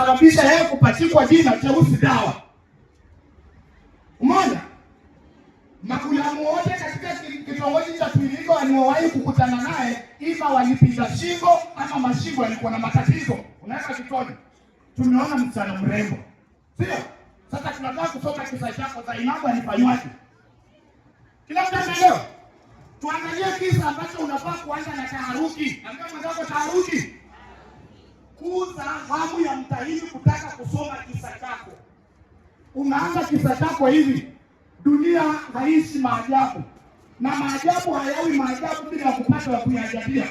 kusababisha yeye kupachikwa jina cheusi dawa. Umeona? Makulamu wote katika kitongoji cha Twinika waliowahi kukutana naye ima walipinda shingo ama mashingo yalikuwa na matatizo. Unaweza kitoni. Tumeona msichana mrembo. Sio? Sasa tunataka kusoma kisa chako Zainabu alifanywaje? Kila mtu anaelewa. Tuangalie kisa ambacho unafaa kuanza na taharuki. Ambia mwenzako taharuki kupunguza hamu ya mtahini kutaka kusoma kisa chako. Unaanza kisa chako hivi, dunia haishi maajabu na maajabu hayawi maajabu bila kupata wa kuyajabia.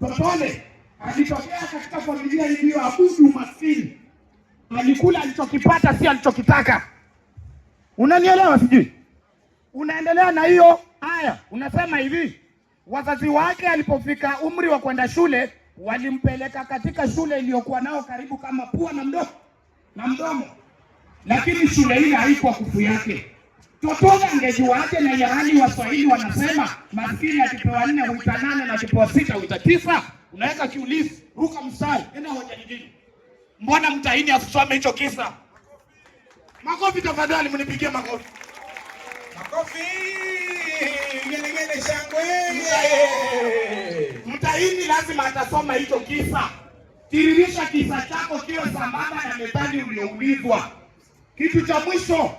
Totole alitokea katika familia abudu umaskini, alikula alichokipata, sio alichokitaka. Unanielewa? Sijui unaendelea na hiyo. Haya, unasema hivi, wazazi wake alipofika umri wa kwenda shule walimpeleka katika shule iliyokuwa nao karibu kama pua na mdomo na mdomo, lakini shule ile haikuwa kufu yake. Totoza angejuaje? Na yaani Waswahili wanasema maskini akipewa nne huita nane na akipewa sita huita tisa. Unaweka kiulizi, ruka mstari, enda hoja nyingine. Mbona mtaini asisome hicho kisa? Makofi tafadhali, mnipigie makofi. Makofi, gelegele, shangwe. Kaini lazima atasoma hicho kisa. Tiririsha kisa chako kiwe sambamba na methali ulioulizwa. Kitu cha mwisho